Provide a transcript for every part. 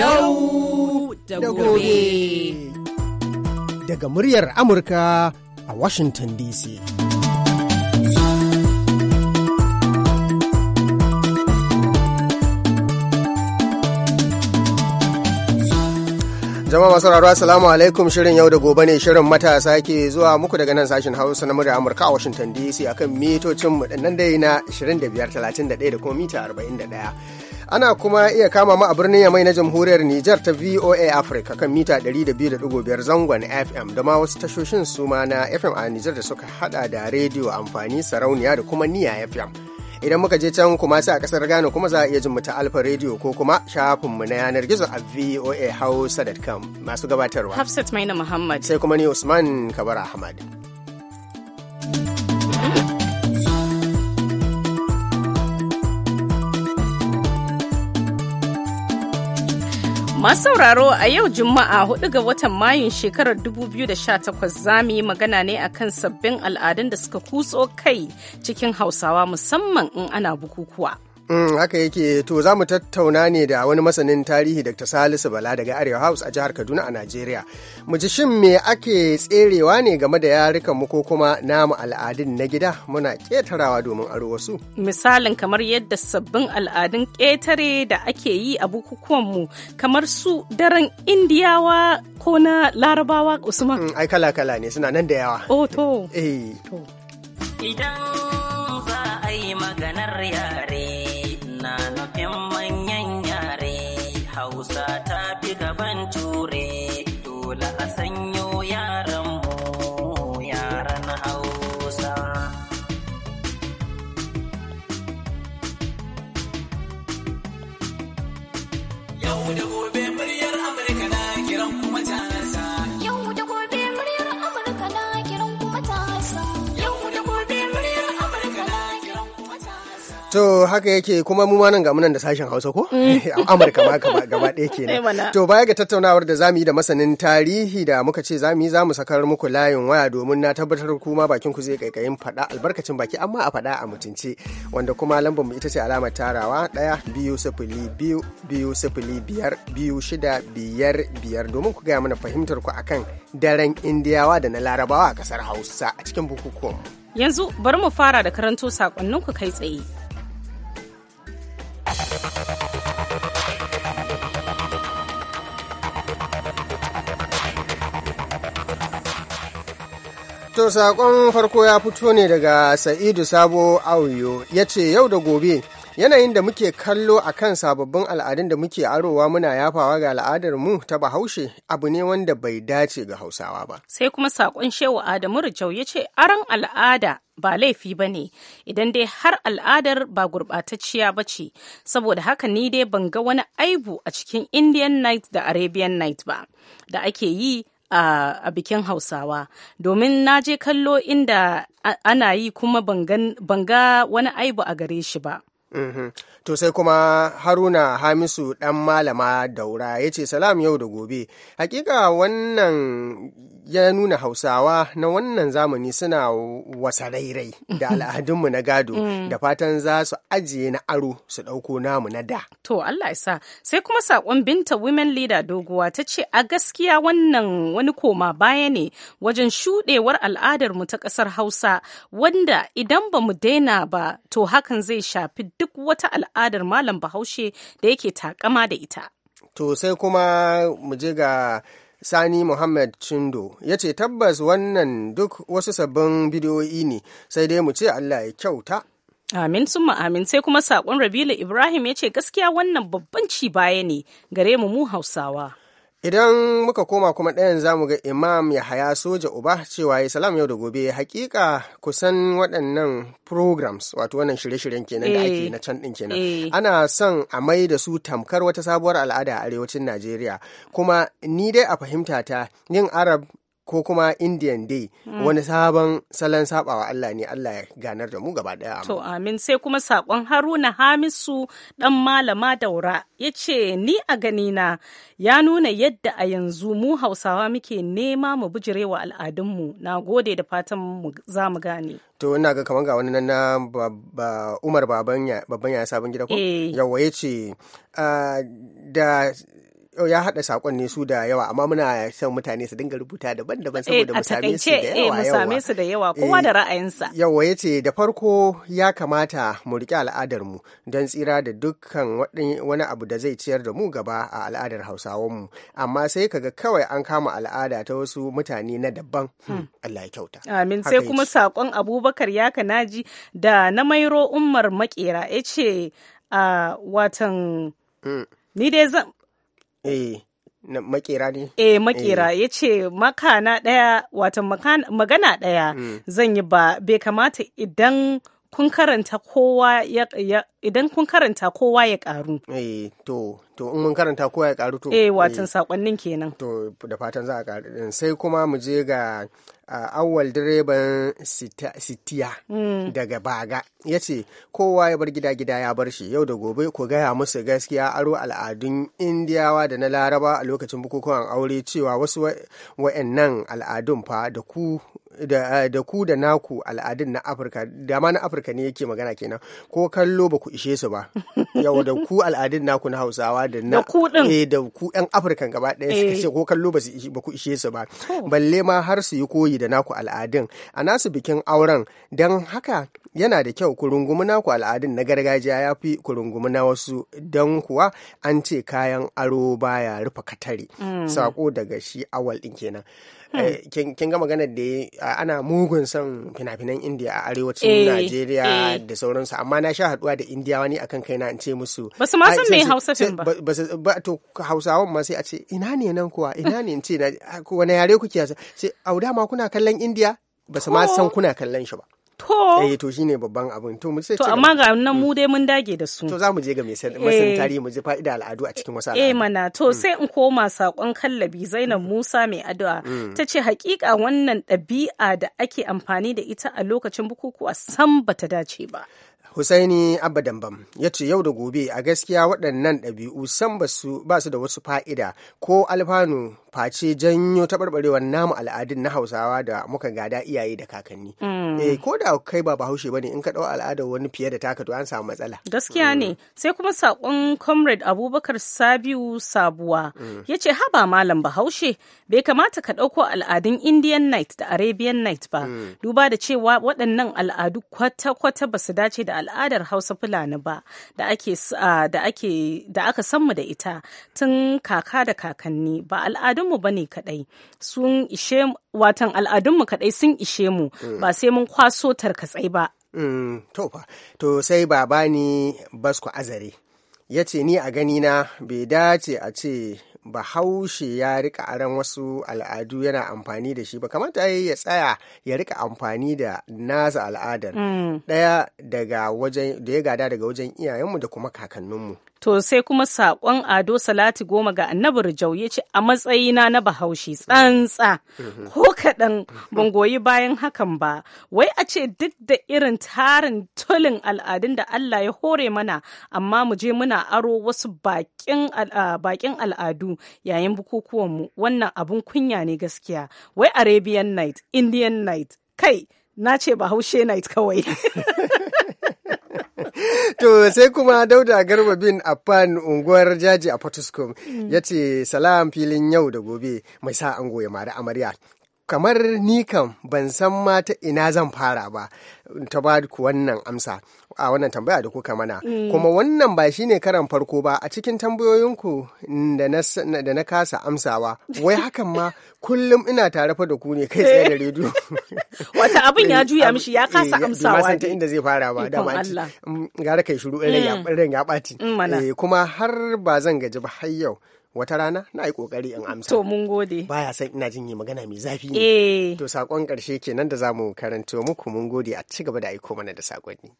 Yau da gobe. Daga muryar Amurka a Washington DC. Jama'a masu rarwa salamu alaikum shirin yau da gobe ne shirin matasa ke zuwa muku daga nan sashen Hausa na murya Amurka a Washington DC akan mitocin mu nan dai na 25 31 da kuma mita 41. ana kuma iya kama mu a birnin Yamai na Jamhuriyar Nijar ta VOA Africa kan mita 200.5 zangon FM da ma wasu tashoshin suma na FM a Nijar da suka hada da rediyo amfani sarauniya da kuma niya FM. Idan muka je can kuma sai a kasar Ghana kuma za a iya jin mu Alfa rediyo ko kuma shafinmu na yanar gizo a voahausa.com masu gabatarwa. Hafsat Maina Muhammad. Sai kuma ni Usman Kabar Ahmad. Masu sauraro a yau Juma'a 4 ga watan Mayun shekarar 2018 za mu yi magana ne akan sabbin al'adun da suka kutso kai cikin Hausawa musamman in ana bukukuwa. Mm, haka yake to za mu tattauna ne da wani masanin tarihi Dr. Salisu Bala daga Arewa House a jihar Kaduna a Najeriya. Mu ji shin me ake tserewa ne game da yarukan mu ko kuma namu al'adun na gida muna ketarawa domin aro wasu. Misalin kamar yadda sabbin al'adun ketare da ake yi a bukukuwan mu kamar su daren Indiyawa ko na Larabawa Usman. Mm, ai kala kala ne suna nan da yawa. Oh to. Eh. Idan za a yi maganar yara To haka yake kuma mu nan ga munan da sashen Hausa ko? Mm. Amurka ma gaba ɗaya kenan. To baya ga tattaunawar da zamu yi da masanin tarihi da muka ce zamu yi zamu sakar muku layin waya domin na tabbatar kuma bakin ku zai kaikayin faɗa albarkacin baki amma a faɗa a mutunci. wanda kuma lambar mu ita ce alamar tarawa ɗaya biyu sifili biyu biyu sifili biyar biyu shida biyar biyar domin ku gaya mana fahimtar ku akan daren Indiyawa da na Larabawa a ƙasar Hausa a cikin bukukuwan. Yanzu bari mu fara da karanto sakonninku kai tsaye. To saƙon farko ya fito ne daga Sa'idu Sabo Auyo ya ce yau da gobe yanayin da muke kallo a kan sababbin al'adun da muke arowa muna yafawa ga al'adar mu ta bahaushe abu ne wanda bai dace ga hausawa ba. Sai kuma saƙon shewa Adamu Rijau ya ce aron al'ada ba laifi ba ne idan dai har al'adar ba gurɓatacciya ba ce saboda haka ni dai ban ga wani aibu a cikin indian night da arabian night ba da ake yi a bikin hausawa domin na je kallo inda ana yi kuma ban ga wani aibu a gare shi ba mm-hmm. to sai kuma haruna hamisu dan malama daura ya ce salam yau da gobe hakika wannan ya nuna hausawa na wannan zamani suna wasa rairai da al'adunmu na gado mm. da fatan za su ajiye na aro su ɗauko namu na da to allah isa sai kuma saƙon binta women leader doguwa ta ce a gaskiya wannan wani koma baya ne wajen shuɗewar mu ta ƙasar hausa wanda idan ba mu daina ba to hakan zai shafi duk wata al'ada al'adar malam bahaushe da yake takama da ita to sai kuma mu je ga Sani Muhammad Chindo ya ce tabbas wannan duk wasu sabbin bidiyoyi ne sai dai mu ce Allah ya kyauta. Amin sun amin sai kuma saƙon rabila Ibrahim ya ce gaskiya wannan babban ci baya ne gare mu mu Hausawa. idan muka koma kuma ɗayan zamu ga imam yahaya soja uba cewa ya salam yau da gobe hakika kusan waɗannan programs wato wannan shirye-shiryen kenan da ake eh. na can ɗin kenan eh. ana son a mai da su tamkar wata sabuwar al'ada a arewacin najeriya kuma ni dai a fahimta ta yin arab ko kuma indian day mm. wani sabon salon sabawa Allah ne Allah ya ganar da mu gaba daya to amin sai kuma sakon haruna hamisu dan malama daura yace ni a ganina ya nuna yadda a yanzu mu hausawa muke nema mu bijirewa al'adunmu na gode da fatan za mu gane to ina ga kamar ga wani nan na umar baban ya sabon gida ko eh. yawa yace ah, da Oh, ya haɗa saƙon ne su da yawa amma muna son mutane su dinga rubuta daban-daban eh, saboda mu same su da eh, yawa yawa same su da yawa kowa eh, da ra'ayinsa yawa yace da farko ya kamata mu riƙe al'adar mu don tsira da dukkan wani abu da zai ciyar da mu gaba a al'adar Hausawan mu amma sai kaga kawai an kama al'ada ta wasu mutane na daban hmm, hmm. Allah ya kyauta amin sai kuma saƙon Abubakar ya kanaji da na Mairo Umar Makera yace a ah, watan hmm. ni dai zan eh makera ne eh makera eh. ya ce makana ɗaya wata magana ɗaya mm. zan yi ba bai kamata idan kun kowa ya idan kun karanta kowa ya karu. Eh to to in mun karanta kowa ya karu to. Eh, eh. watan sakonnin kenan. To da fatan za a karu sai kuma mu je ga awwal direban sitiya hmm. daga baga ya ce kowa ya bar gida gida ya bar shi yau da gobe ku gaya musu gaskiya aro al'adun indiyawa da na laraba a lokacin bukukuwan aure cewa wasu wa'annan al'adun fa da ku da ku da naku al'adun na afirka ma na afirka ne yake magana kenan ko kallo ba ku ishe su ba yau da ku al'adun naku na hausawa da na da ku yan eh, afirka gaba ɗaya suka eh. ce ko kallo ba ku ishe su ba balle ma har su yi koyi da naku al'adun a nasu bikin auren don haka yana da kyau ku rungumi naku al'adun na gargajiya ya fi ku rungumi na wasu don kuwa an ce kayan aro baya rufe katare mm. sako daga shi awal ɗin kenan Eh, hmm. kin ga maganar da ana mugun son fina-finan indiya a arewacin eh, najeriya eh. da sauransu amma na sha haduwa da indiyawa ne akan kaina in ce musu basu ma san mai hausa fim ba ba to hausawan ma sai a ce ina ne nan kuwa ina ne in ce wani yare kuke sai auda ma kuna kallon indiya basu ma san oh. kuna kallon shi ba To. Eh to shine babban abin. To mu sai To amma ga nan mu dai mun dage da su. To za mu je ga masan eh. tarihi mu je fa'ida al'adu a cikin wasu eh, al'adu. Eh mana to hmm. sai in koma sakon kallabi Zainab Musa mai addu'a hmm. ta ce hakika wannan ɗabi'a da ake amfani da ita a lokacin bukukuwa san bata dace ba. Husaini Abba Dambam ya ce yau da gobe a gaskiya waɗannan ɗabi'u san ba su da wasu fa'ida ko alfanu face janyo taɓarɓarewar namu al'adun na Hausawa da muka gada iyaye da kakanni. Mm. Eh ko da kai ba Bahaushe ba ne in ka ɗau al'adar wani fiye da taka to an samu matsala. Gaskiya ne mm. sai kuma saƙon Comrade Abubakar Sabiu Sabuwa mm. ya ce ba malam Bahaushe bai kamata ka ɗauko al'adun Indian Night da Arabian Night ba duba da cewa waɗannan al'adu kwata-kwata ba su dace da al'adar hausa fulani ba da ake da aka sanmu da ita tun kaka da kakanni ba al'adunmu ba ne kadai sun ishe watan al'adunmu kadai sun ishe mu mm. ba sai mun kwaso tarkatsai ba mm, to fa to sai babani basko azare ya ce ni a ganina bai dace a ce bahaushe ya rika aran wasu al'adu yana amfani da shi ba kamata ya tsaya ya rika amfani da nasa al'adar mm. ɗaya daga wajen da ya gada daga wajen iyayenmu da kuma kakanninmu To sai kuma saƙon Ado Salati goma ga annabi Jau ya ce a matsayina na bahaushe tsantsa ko kaɗan ban goyi bayan hakan ba wai a ce duk da irin tarin tulin al'adun da Allah ya hore mana amma mu je muna aro wasu bakin al'adu yayin bukukuwanmu wannan abun kunya ne gaskiya wai Arabian night Indian night kai na ce bahaushe night kawai. to sai kuma dauda garba bin affan unguwar jaji a potuscom ya ce salam filin yau da gobe mai sa ango ya mari amarya kamar ni kam ban san ma ta ina zan fara ba ta ba ku wannan amsa a wannan tambaya da kuka mana mm. kuma wannan ba shine karan farko ba a cikin tambayoyinku da na kasa amsawa wai hakan ma kullum ina tare fa da ku ne kai tsaye da rediyo wata abin ya juya mishi ya kasa eh, amsawa ne inda zai fara ba da ma mm, gara kai shiru ran ya mm. ɓaci eh, kuma har ba zan gaji ba har yau wata rana na yi kokari in amsa to mun gode baya san ina jin yi magana mai zafi ne eh. to sakon karshe kenan da zamu karanto muku mun gode a ci gaba da aiko mana da sakonni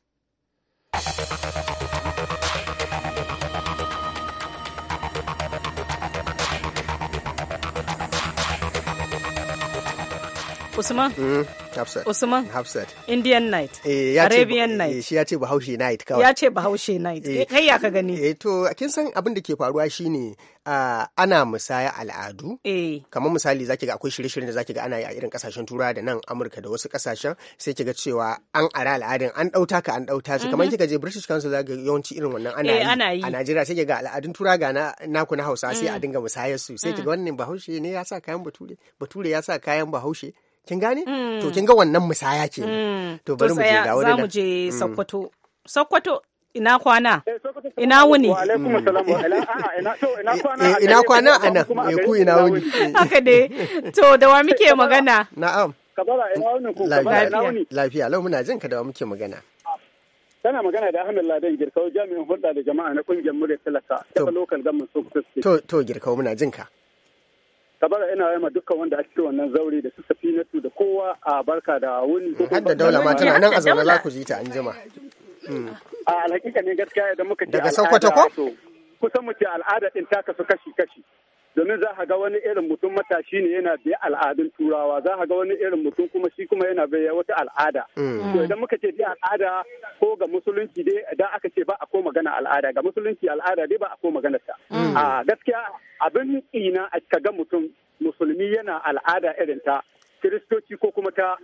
Usman? Mm, Hafsat. Usman? Hafsat. Indian night. Eh, Arabian night. Eh, shi ya ce Bahaushe night kawai. Ya ce Bahaushe night. Eh, eh kai ya ka gani? Eh, to kin san abin da ke faruwa shine Uh, ana musaya al'adu eh. kamar misali zaki ga akwai shirye-shiryen da zaki ga ana yi a irin kasashen tura da nan amurka da wasu kasashen sai ki ga cewa an ara al'adun an ɗauta ka an ɗauta su kamar mhm. kika je british council zaka yawanci irin wannan eh, ana yi a najeriya sai ki ga al'adun tura ga na naku na hausa sai a mm. dinga musayar su sai ki ga mm. wannan bahaushe ne ya sa kayan bature bature ya sa kayan bahaushe kin gane to mm. kin ga wannan musaya ce mm. to bari mu je ga wani za mu je mm. Sokoto Sokoto ina kwana eh, ina wuni ina eh, kwana a eh, nan ku ina wuni haka ne to da wa muke magana na'am lafiya lau muna jin ka da wa muke magana tana magana da Ahmed Laden Girkau jami'in hulɗa da jama'a na kungiyar murya talaka ta lokal government Sokoto to to Girkau muna jin ka tabara ina yama dukkan wanda a cikin wannan zaure da su na da kowa a barka da wuni har da daula ma tana nan a zaune za ku ji ta an jima hmm. a alhakika ne gaskiya idan muka ce daga sokoto ko kusan mu ce al'ada ɗin ta kasu kashi kashi domin za ga wani irin mutum matashi ne yana biya al'adun turawa za ga wani irin mutum kuma shi kuma yana bai wata al'ada mm. to idan muka ce dai al'ada ko ga musulunci dai idan aka ce ba a ko magana al'ada ga musulunci al'ada dai ba a ko magana ta mm. a gaskiya abin ina a ka ga mutum musulmi yana al'ada irin ta kiristoci ko kuma ta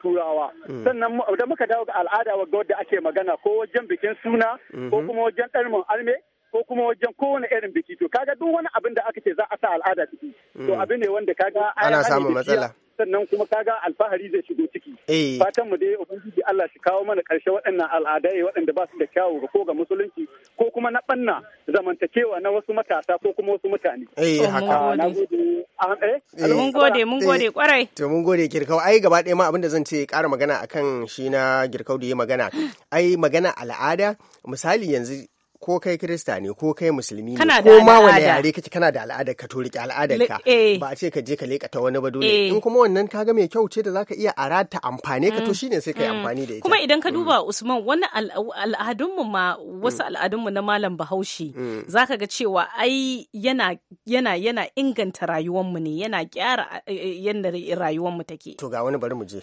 turawa mm. sannan da muka dawo ga al'ada wadda ake magana ko wajen bikin suna mm-hmm. ko kuma wajen ɗarmin alme ko kuma wajen kowane irin biki to kaga duk wani abin da aka ce za a sa al'ada ciki to hmm. abin ne wanda kaga ana samun matsala sannan kuma kaga alfahari zai shigo ciki eh. fatan mu dai ubangiji Allah shi kawo mana karshe waɗannan al'adai waɗanda ba su da kyawu ga ko ga musulunci ko kuma na banna zamantakewa na wasu matasa ko kuma wasu mutane eh haka ah, eh? Eh. mun gode mun gode kwarai to mun gode girkau ai gaba ɗaya ma abinda zan ce kara magana akan shi na girkau da yi magana ai magana al'ada misali yanzu ko kai kirista ne ko kai musulmi ne ko ma wani yare kake kana da al'adar ka to rike al'adar ka eh. ba a ce ka je ka leka ta wani ba dole eh. in kuma wannan kaga mai kyau ce da za ka iya arata amfane ka to mm. shine sai kai mm. amfani da ita kuma idan ka mm. duba Usman wani al'adun mu ma wasu al'adun mu na malam Bahaushe zaka ga cewa ai yana yana yana inganta rayuwar mu ne yana kyara eh, yanda rayuwar mu take to ga wani bari mu je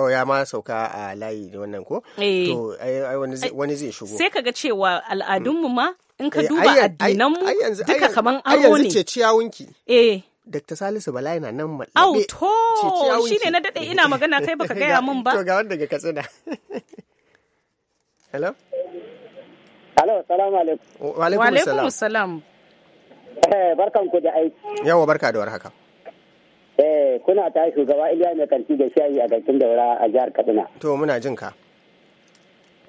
oh ya ma sauka a layi wannan ko to ai wani zai shigo sai kaga cewa al'adun al'adunmu ma in ka eh, duba addinanmu duka kaman aro ne. ce ciyawunki. Eh. Dr. Salisu Bala yana nan malabe. Au to shi ne na daɗe ina magana kai baka gaya min ba. To ga wanda ga katsina. Hello? Hello, salamu alaikum. Wa alaikum salam. Eh, barkan ku da aiki. Yawa barka da warhaka. Eh, kuna ta shugaba Iliya mai kanti da shayi a garkin daura a jihar kaduna. To muna jin ka.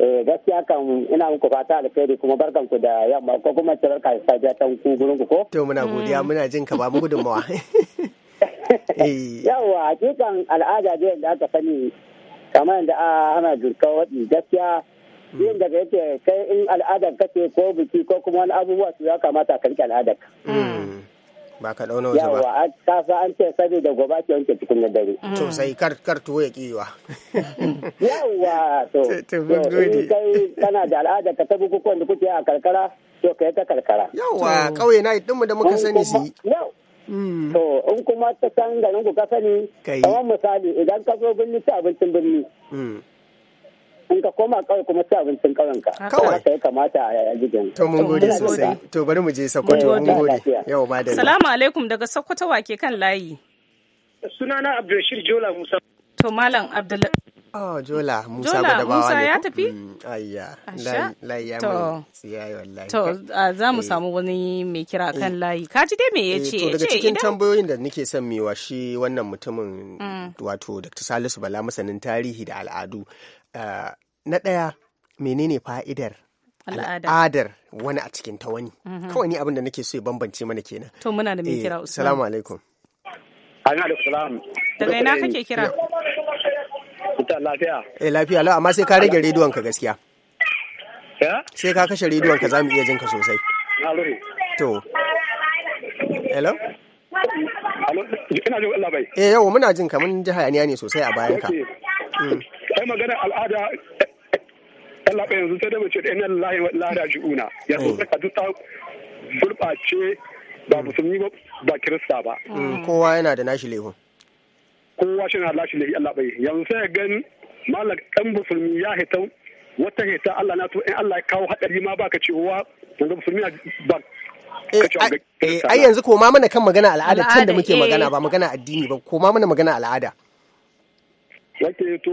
Eh, gaskiya kan ina muku fata alkhairi kuma barkan ku da yamma ko kuma ce ka da ta ku gurin ku ko to muna mm. godiya muna jin ka ba mu gudunmawa eh. yawa hakikan al'ada da aka sani kamar yadda ana jirka waɗi gaskiya yin mm. daga yake kai in al'adar kace ko biki ko kuma wani abubuwa su ya kamata ka rike al'adar ka mm. ba ka ɗauna waje ba yawa ta sa an ce da gobe ke wanke tukunyar dare mm. to sai kar kar tuwo ya kiwa yawa to to kai kana da al'ada ka ta bukukuwan da kuke a karkara to kai ta karkara yawa ƙauye na yi mu da muka sani su mm. to in kuma ta san garin ku ka sani kamar misali idan ka zo birni ta abincin birni mm. in ka koma kawai kuma ci abincin kauyen ka kawai haka ya kamata a gidan to mun gode sosai to bari mu je Sokoto eh, mun gode yau ba da salamu alaikum daga Sokoto wake kan layi sunana Abdulrashid Jola Musa to malam Abdul Oh, Jola Musa Jola Musa ya tafi? Mm, ayya, layi ya mai yi wallahi. To, za mu eh. samu wani mai kira kan eh. layi. Ka ji dai me ya ce? To, daga cikin tambayoyin da nake son mewa shi wannan mutumin mm. wato Dr. Salisu Bala masanin tarihi da al'adu. Ah, na ɗaya menene fa'idar al'adar wani a cikin ta wani mm-hmm. kawai ni abin da nake so ya bambance mana kenan to muna da mai eh, kira usman salamu alaikum ana da salam daga ina kake kira ita lafiya eh lafiya lau amma sai ka rage rediyon ka gaskiya sai ka kashe rediyon ka zamu iya jin ka sosai to hello Eh yau muna jin ka mun ji hayaniya ne sosai a bayan ka. Kai magana al'ada Allah bai yanzu sai da mace ɗaya nan lahi lada Ya so ka duk ta gurɓace ba musulmi ba ba kirista ba. Mm. Mm. Kowa yana da nashi lehu. Kowa shi na nashi lehu Allah bai yanzu sai gan malak ɗan musulmi ya hita wata hita Allah na to in Allah ya kawo haɗari ma ba ka ce wa yanzu musulmi na ba eh, ai eh, yanzu ko ma mana kan magana al'ada can da muke magana eh. ba magana addini ba ko ma mana magana al'ada. Yake to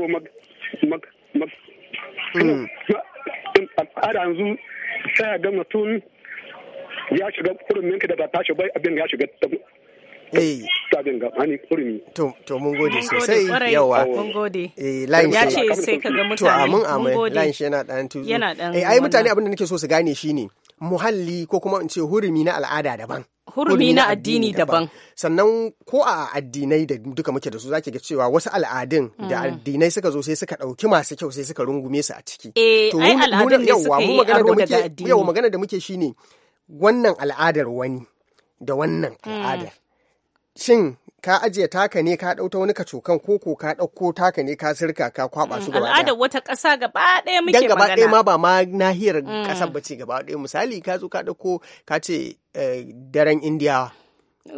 Mm. al'ada yanzu sai ga mutum ya shiga kurumin da ba tashi bai abin ya shiga eh. ga To mun gode sosai yawa. Mun gode. Eh, ya ce sai ka ga mutane. To amin yana dan eh, ai mutane abin da nake so su gane shine muhalli ko kuma in ce hurumi na al'ada daban hurumi na addini daban sannan ko a addinai da duka muke da su zaki ga cewa wasu al'adun da hmm. addinai suka zo sai suka ɗauki masu kyau sai suka rungume su a ciki eh, Ai al'adun suka yi aro addini. yau magana da muke shine wannan al'adar wani da wannan hmm. al'adar shin ka ajiye taka ne ka ɗauta wani ko koko ka ɗauko taka ne ka sirka ka kwaba su gaba al'adar wata ƙasa gaba ɗaya muke magana dan gaba ɗaya ma ba ma nahiyar mm. ƙasar bace gaba ɗaya misali ka zo ka ɗauko ka ce eh, daren indiya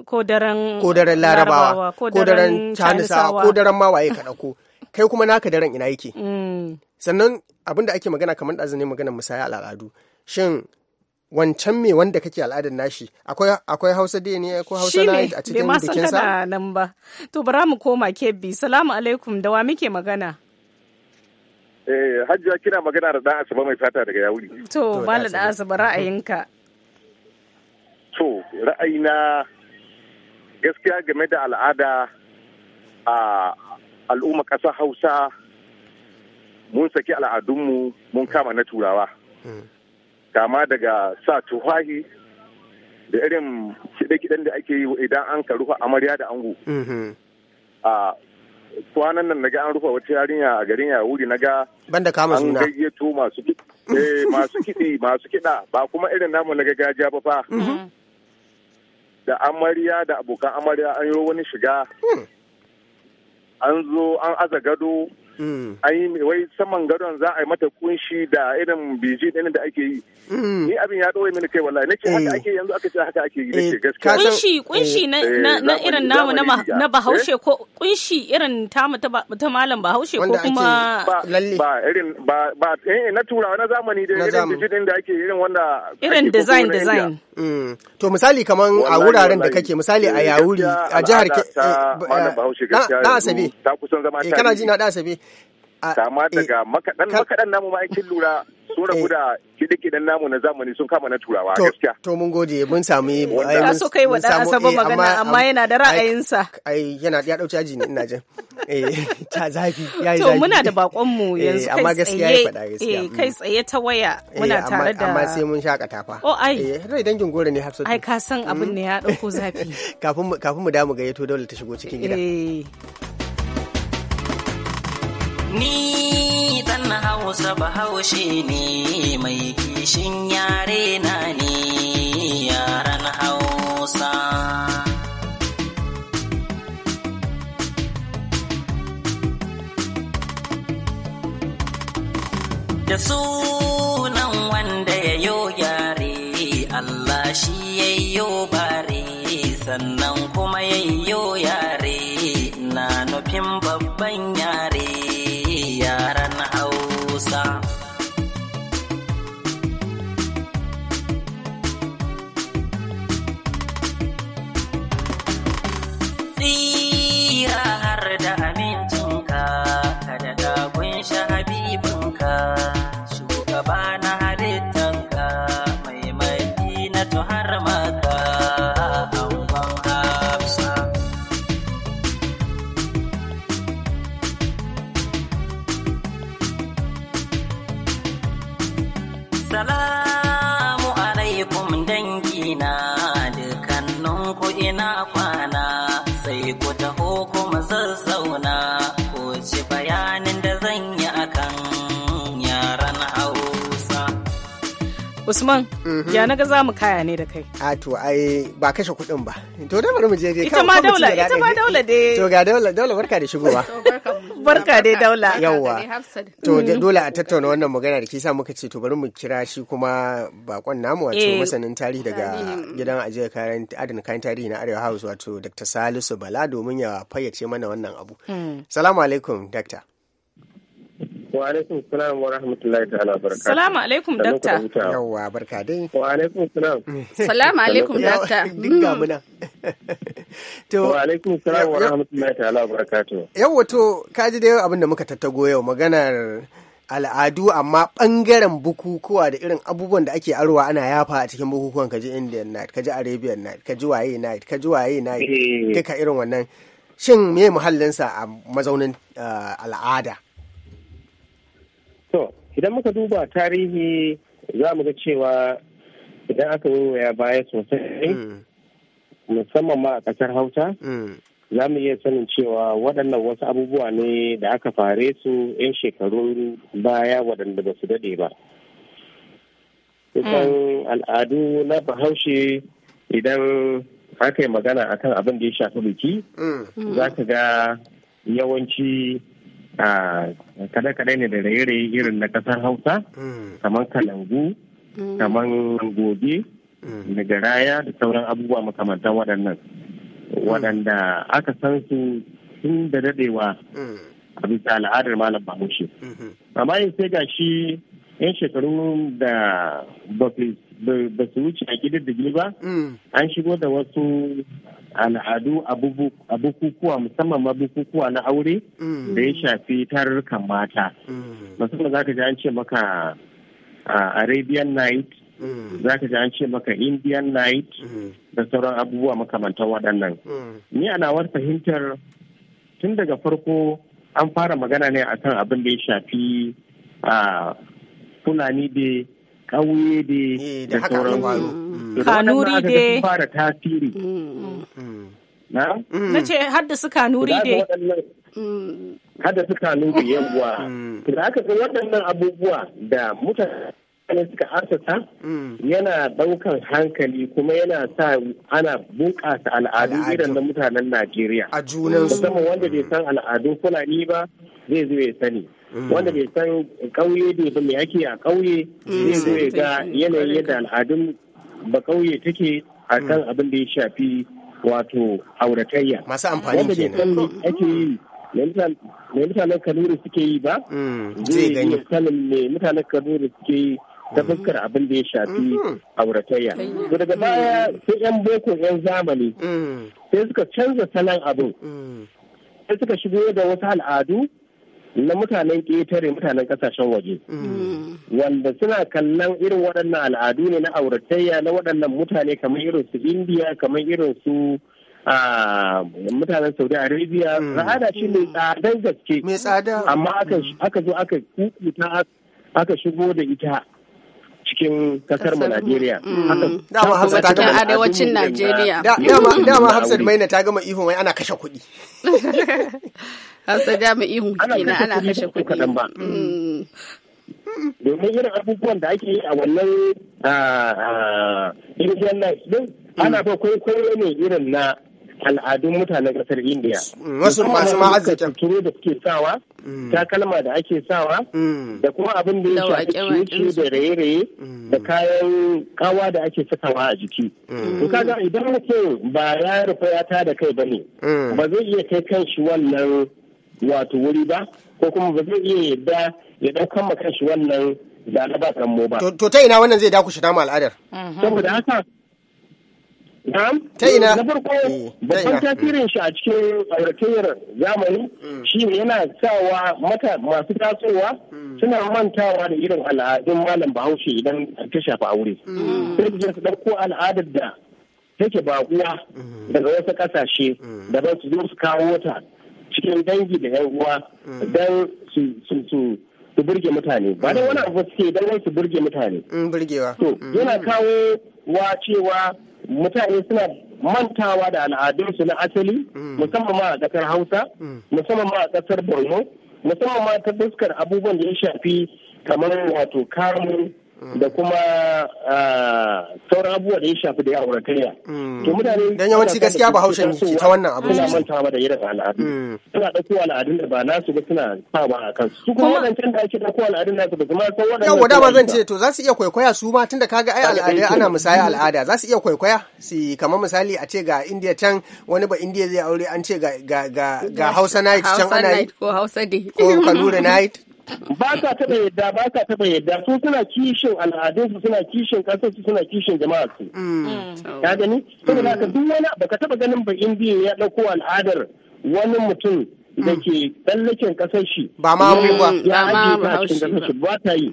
ko daren ko daren larabawa ko daren canisawa ko daren mawaye ka ɗauko kai kuma naka daren ina yake mm. sannan abin da ake magana kamar ɗazu ne magana musaya al'adu shin wancan me wanda kake al'adar nashi akwai akwai Hausa Day ne ko Hausa na a cikin bikin sa nan ba to bara mu koma Kebbi salamu alaikum da wa muke magana eh Hajjia kina magana da dan Asaba mai fata daga Yawuri to malam da Asaba ra'ayinka to ra'ayina gaskiya game da al'ada a al'umma ƙasar Hausa mun saki al'adunmu mun kama na turawa hmm. kama daga sa tufahi da irin kiɗe-kiɗen da ake yi idan an ka rufa amarya da ango. Mm-hmm. A kwanan nan naga an rufa wata yarinya a garin ya naga banda kama suna an gayyato masu eh, masu kiɗi masu kiɗa ba kuma irin namu na gajiya ba fa. Mm-hmm. Da amarya da abokan amarya an yi wani shiga. Hmm. An zo an aza gado Mm. ai wai saman gadon za a yi mata kunshi da irin biji ɗin da ake yi mm. ni abin ya ɗoye mini kai wallahi nake haka mm. ake yanzu aka ce haka ake yi nake eh, gaskiya kunshi kunshi na eh, irin namu na bahaushe eh? ko kunshi irin mu ta malam bahaushe ko kuma ba irin ba ba na turawa na zamani da irin biji ɗin da ake irin wanda irin design design to misali kaman a wuraren da kake misali a yawuri a jihar ke da asabe kana ji na da asabe kama eh, daga makaɗan makaɗan namu ma'aikin lura sun rabu eh. da kiɗe-kiɗen namu na zamani sun kama na turawa gaskiya. To mun gode mun samu sami mun so kai wa dan asaba eh, magana amma yana da ra'ayinsa. Ai yana ya dauki aji ne ina jin. Eh ta zafi yayi zafi. To muna da bakon mu yanzu kai amma gaskiya ya faɗa gaskiya. Eh kai mm. tsaye ta waya muna tare da amma sai mun shakata fa. Oh ai. Eh rai dangin gore ne Hafsatu. Ai ka san abin ne mm. ya dauko zafi. Kafin kafin mu da mu gayyato dole ta shigo cikin gida. Eh Ni dan Hausa bahaushe ne mai kishin yare na ne yaran Hausa. Da su Usman, mhm. ya na za mu kaya ne da kai. A to ai ba kashe kuɗin ba. To da bari mu je dai. Ita ma daula, ita ma daula dai. To ga daula, daula barka da shigowa. Barka dai daula. Yawwa. To mhm. dole a tattauna wannan magana da kisa muka ce to bari mu kira shi kuma bakon namu wato eh. masanin tarihi daga gidan ajiyar kayan adana kayan tarihi na Arewa House wato Dr. Salisu Bala domin ya fayyace mana wannan abu. Hmm. Salamu alaikum, Dr. Wa alaikum salam wa rahmatullahi ta'ala barakatuh. Salamu alaikum dakta. Yawwa barka dai. Wa alaikum salam. Salamu alaikum dakta. Dinga mm. muna. To wa alaikum salam wa rahmatullahi ta'ala barakatuh. Yawwa to kaji dai abin da muka tattago yau maganar al'adu amma bangaren bukukuwa da irin abubuwan da ake arwa ana yafa a cikin bukukuwan kaji indian night kaji arabian night kaji waye night kaji waye night eh. duka irin wannan shin me muhallinsa a mazaunin eh, al'ada To, idan muka duba tarihi za mu ga cewa idan aka waya baya sosai hmm. musamman ma a ƙasar Hausa, hmm. za mu iya sanin cewa waɗannan wasu abubuwa ne da aka fare su 'yan shekarun baya waɗanda ba su daɗe ba. Kusan al'adu na Bahaushe idan aka yi magana akan abin da ya shafi biki, hmm. za ka ga yawanci kada-kada ne da raye-raye irin na kasar hausa mm. kamar kalangu mm. kamar gobe mm. da garaya da sauran abubuwa makamantan waɗannan waɗanda aka san su sun da daɗewa a bisa al'adar malam bahaushe mm-hmm. amma yin sai ga shi yan shekarun da ba su wuce a gidan da ba an shigo da wasu al'adu a bukukuwa musamman ma bukukuwa na aure mm. da ya shafi tarurrukan mata mm. musamman za ka ji an ce maka arabian night mm. za ka ji an ce maka indian night da sauran abubuwa makamantan waɗannan ni ana nawar fahimtar tun daga farko an fara magana ne a kan abin da ya shafi fulani eh, da ƙauye da sauran Mm. kanuri de. fara tasiri mm. na mm. na ce su kanuri dai haddasa kanuri yawa to da aka ga waɗannan abubuwa da mutane suka asasa yana daukan hankali kuma yana sa ana bunƙasa al'adu irin na mutanen Najeriya. A junan su. Musamman wanda bai san al'adun Fulani ba zai zo ya sani. Wanda bai san ƙauye bai ba mai ake a ƙauye zai zo ya ga yanayi yadda al'adun ba kauye take a kan mm. abin da ya shafi wato auratayya masu amfani ke ake yi mai mutanen kanuri suke yi ba mm, zai Zai sanin me mutanen kanuri suke yi ta mm. fuskar abin da ya shafi mm-hmm. auratayya to daga baya sai yan boko yan zamani sai suka canza salon abin sai suka shigo da wasu al'adu na mutanen ƙetare mutanen ƙasashen waje mm. wanda suna kallon irin waɗannan al'adu ne na auratayya na waɗannan mutane kamar irin su indiya kamar irin su mutanen saudi arabia mm. al'ada shi mai mm. tsadan gaske amma aka zo aka kukuta aka shigo da ita cikin kasar mu Najeriya. Mm. Dama Hafsat ta gama arewacin Najeriya. Dama Hafsat Maina ta gama ihu mai ana kashe kuɗi. Hafsat dama ihu kenan ana kashe kuɗi. Mm. Domin irin abubuwan da ake yi a wannan Indian Nights din ana mm. fa kwaikwayo ne irin na al'adun mutanen kasar Indiya. Wasu masu ma'azzakin. Turo da suke sawa. Mm. takalma da ake sawa mm. da kuma abin da ya shafi da raye-raye mm. da kayan kawa da ake sakawa a jiki to kaga idan mutum ba ya rufe ya ta da kai ba ne. ba zai iya kai kan shi wannan wato wuri ba ko kuma ba zai iya yadda ya daukan ma kan shi wannan zalaba kan ba ba to ta ina wannan zai dakushe ta al'adar mm-hmm. saboda haka Ta ina? Na farko eh, babban tasirin shi a cikin auratayyar zamani mm. shi ne yana sawa mata masu tasowa mm. suna mantawa da irin al'adun malam bahaushe idan ta shafi aure. Mm. Sai su ɗauko al'adar da take baƙuwa daga wasu ƙasashe da ba su zo su kawo wata cikin dangi da yan uwa don su su burge mutane ba wani abu suke don su burge mutane. Burgewa. To yana kawo wa cewa mutane suna mantawa da al'adunsu na asali mm. musamman ma a ƙasar hausa mm. musamman ma a ƙasar borno musamman ma ta fuskar abubuwan da ya shafi kamar wato kamun da kuma ah, sauran abubuwa da ya shafi da ya auratayya. Mm. To mutane dan yawanci gaskiya ba haushe ki ta wannan abu. Suna mantawa da irin al'adu. Mm. Suna dauko al'adun da ba nasu ba suna sawa a kansu. Su kuma can da ake dauko al'adun nasu ba kuma san wadannan. Yawwa dama zan ce to za su iya kwaikwaya su ma tunda kaga ai al'ada ana musaya al'ada za su iya kwaikwaya su kamar misali a ce ga India can wani ba India zai aure an ce ga ga ga Hausa night can ana yi. Ko Hausa day. Ko Kanuri night. ba sa taɓa yadda ba sa taɓa yadda su suna kishin al'adunsu suna kishin ƙasarsu suna kishin jama'a su. ya mm. mm. gani? Saboda haka duk wani baka taɓa ganin ba indiya ya ɗauko al'adar wani mutum mm. da ke tsallaken kasar shi. Ba ma mu ba. Ya ajiye ba cikin ƙasar shi ba ta yi.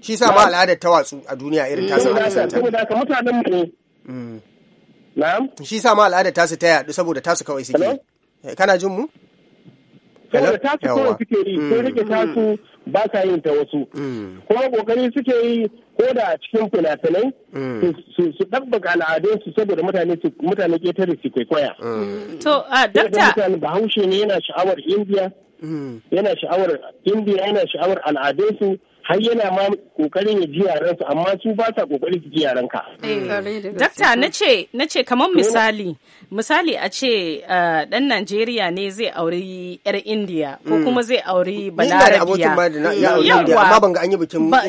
Shi sa ma al'adar ta watsu a duniya irin tasa al'adar ta. Saboda haka mutanen mu Na'am. Shi sa ma al'adar su ta yadu saboda su kawai suke. Eh, kana jin mu? saboda tasu kawai suke yi sai mm. rike tasu mm. ba sa yin ta wasu mm. kuma kokari suke yi ko da a cikin fina-finai su ɗabbaka al'adunsu saboda mutane ƙetare su kwaikwaya. To, a dakta. Bahaushe ne yana sha'awar Indiya, yana sha'awar Indiya yana sha'awar har yana ma kokarin ya ji yaran su amma su ba sa kokarin su ji yaran ka. Dakta na ce na ce kamar misali misali a ce dan eh, Najeriya ne zai auri yar Indiya ko hmm. kuma zai auri Balarabiya.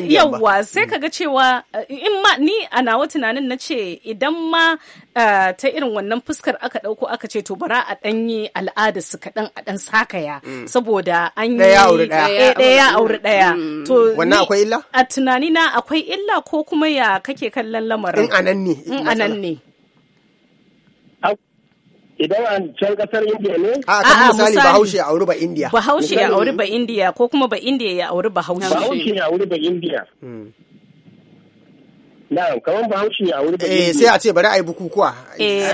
Yawwa sai kaga cewa eh, in ma ni a nawa tunanin na ce idan ma eh, ta irin wannan fuskar aka dauko aka ce to bara a yi al'ada su kaɗan a dan sakaya hmm. saboda an yi ɗaya auri ɗaya hmm. to Sannan akwai illa? A tunani na akwai illa ko kuma ya kake kallon lamarin? In anan ne. In anan ne. Idan a can kasar Indiya ne? A a misali Bahaushe ya auri ba Indiya. Bahaushe ya auri ba Indiya ko kuma ba Indiya ya auri Bahaushe. Bahaushe ya auri ba Indiya. Hmm. Na, kamar Bahaushe ya auri ba eh, India. Eh sai a ce bari a yi bukukuwa. Eh,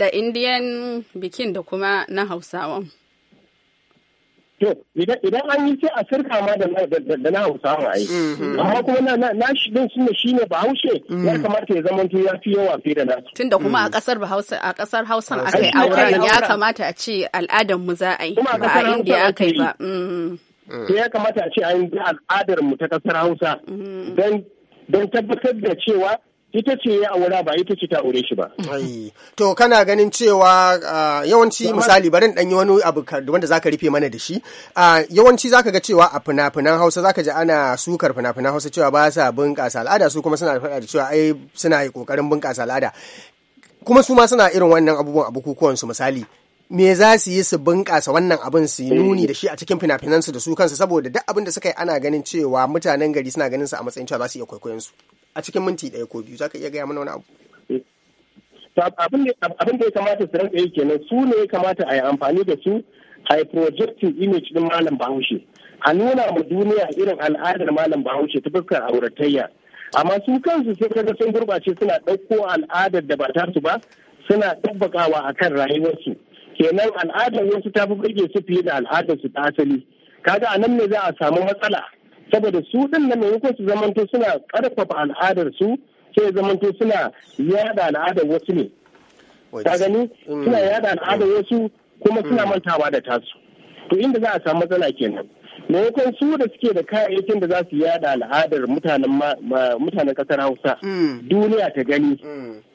da Indiyan bikin da kuma na Hausawan. To, idan an yi sai a sirka ma da na hausawa yi. Mm-hmm. Amma kuma na shi din suna shi ne bahaushe mm-hmm. ya kamata ya zama ya fi yawa fi da nasu. Tunda kuma a mm-hmm. kasar Bahausa a kasar Hausan aka yi auren ya kamata a ce al'adar mu za a yi ba a Indiya aka yi ba. Mm. Ya kamata a ce a yi al'adar mu ta kasar Hausa don tabbatar da cewa ita ce ya aura ba ita ce ta aure shi ba. To kana ganin cewa ah, yawanci misali barin ɗanyi wani abu wanda ka rufe mana da shi ah, yawanci za ka ga cewa a fina-finan Hausa ka ji ana sukar fina-finan Hausa cewa ba sa bunƙasa al'ada su kuma suna faɗa da cewa ai suna ƙoƙarin bunƙasa al'ada kuma su ma suna irin wannan abubuwan a bukukuwansu misali me za su yi su bunƙasa wannan abin su yi nuni da shi a cikin fina-finansu da su kansu saboda duk abin da suka yi ana ganin cewa mutanen gari suna ganin su a matsayin cewa za su iya kwaikwayon su. a cikin minti ɗaya ko biyu za iya gaya mana wani abu abin da ya kamata su rinka yi kenan su ne ya kamata a yi amfani da su a yi projecting image din malam bahaushe a nuna ma duniya irin al'adar malam bahaushe ta fuskar auratayya amma su kansu sai kaga sun gurbace suna ɗauko al'adar da ba ta su ba suna tabbakawa a kan rayuwarsu kenan al'adar wasu ta fi burge su fiye da al'adar su ta asali kaga a nan ne za a samu matsala saboda su din nan maimakon su zamanto suna karfafa al'adar su sai zamanto suna yada al'adar wasu ne ta gani mm. suna yada al'adar wasu kuma suna mm. mantawa da tasu to inda za a samu matsala kenan maimakon su da suke da kayayyakin da za su yada al'adar mutanen kasar hausa mm. duniya ta gani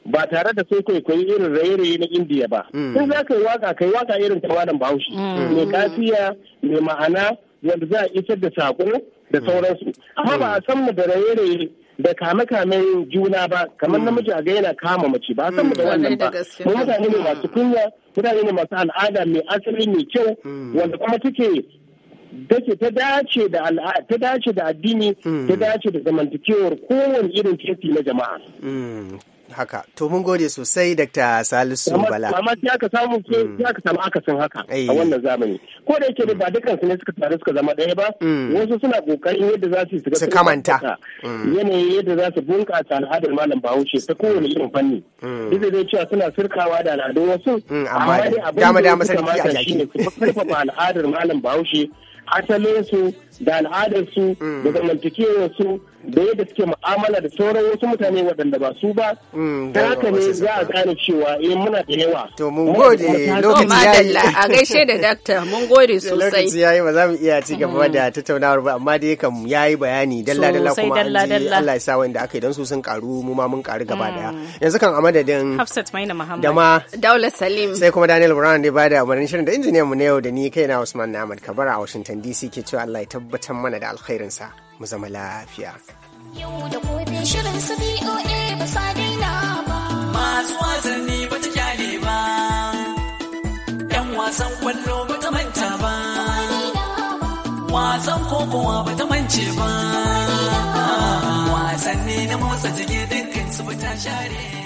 ba tare da sai kai irin raye-raye na indiya ba sai za ka yi waka kai waka irin tawadan bahaushe mai kafiya mai ma'ana wanda za a isar da saƙo? da sauransu amma ba a san mu da raye-raye da kame-kame juna ba kamar mm. namiji a ga yana kama mace ba san mu da mm, wannan ba mu mutane ne masu mm. kunya mutane ne masu al'ada mai asali mai kyau wanda kuma take take ta dace da ta dace da addini ta dace da zamantakewar kowane irin kirki na jama'a haka to mun gode sosai dr salisu bala amma sai aka samu sai mm. aka samu akasin haka a eh. wannan zamani ko da yake ba dukkan su ne suka taru suka zama ɗaya ba mm. wasu suna kokarin yadda za su su kamanta mm. yanayin yadda za su bunƙasa al'adar malam bahaushe ta kowane irin fanni duk da cewa suna surkawa da al'adun wasu amma dai abin da ya kamata shine su karfafa al'adar malam bahaushe su da al'adarsu da zamantakewarsu da yadda suke mu'amala da sauran wasu mutane waɗanda ba su ba mm, ta haka ne za a gane cewa eh muna da yawa to mun gode lokaci yi. a gaishe da dakta mun gode sosai lokaci yi ba za mu iya ci gaba mm. da tattaunawar ba amma dai kam yi bayani dalla dalla kuma an ji Allah ya sa wanda aka yi dan su sun karu mu ma mun karu gaba mm. daya yanzu kan a madadin Hafsat Maina Muhammad da ma Daula Salim sai kuma Daniel Brown da bada umarnin shirin da injiniyan mu na yau da ni kaina Usman Ahmad Kabara a Washington DC ke cewa Allah ya tabbatar mana da alkhairinsa. sa mu zama lafiya. Yau da gobe shirin su BOA ba Masu wasanni ba ta kyale ba, ‘yan wasan kwallo ba ta manta ba, wasan kokowa ba ta mance ba, wasanni na motsa jiki dukkan su ba ta share.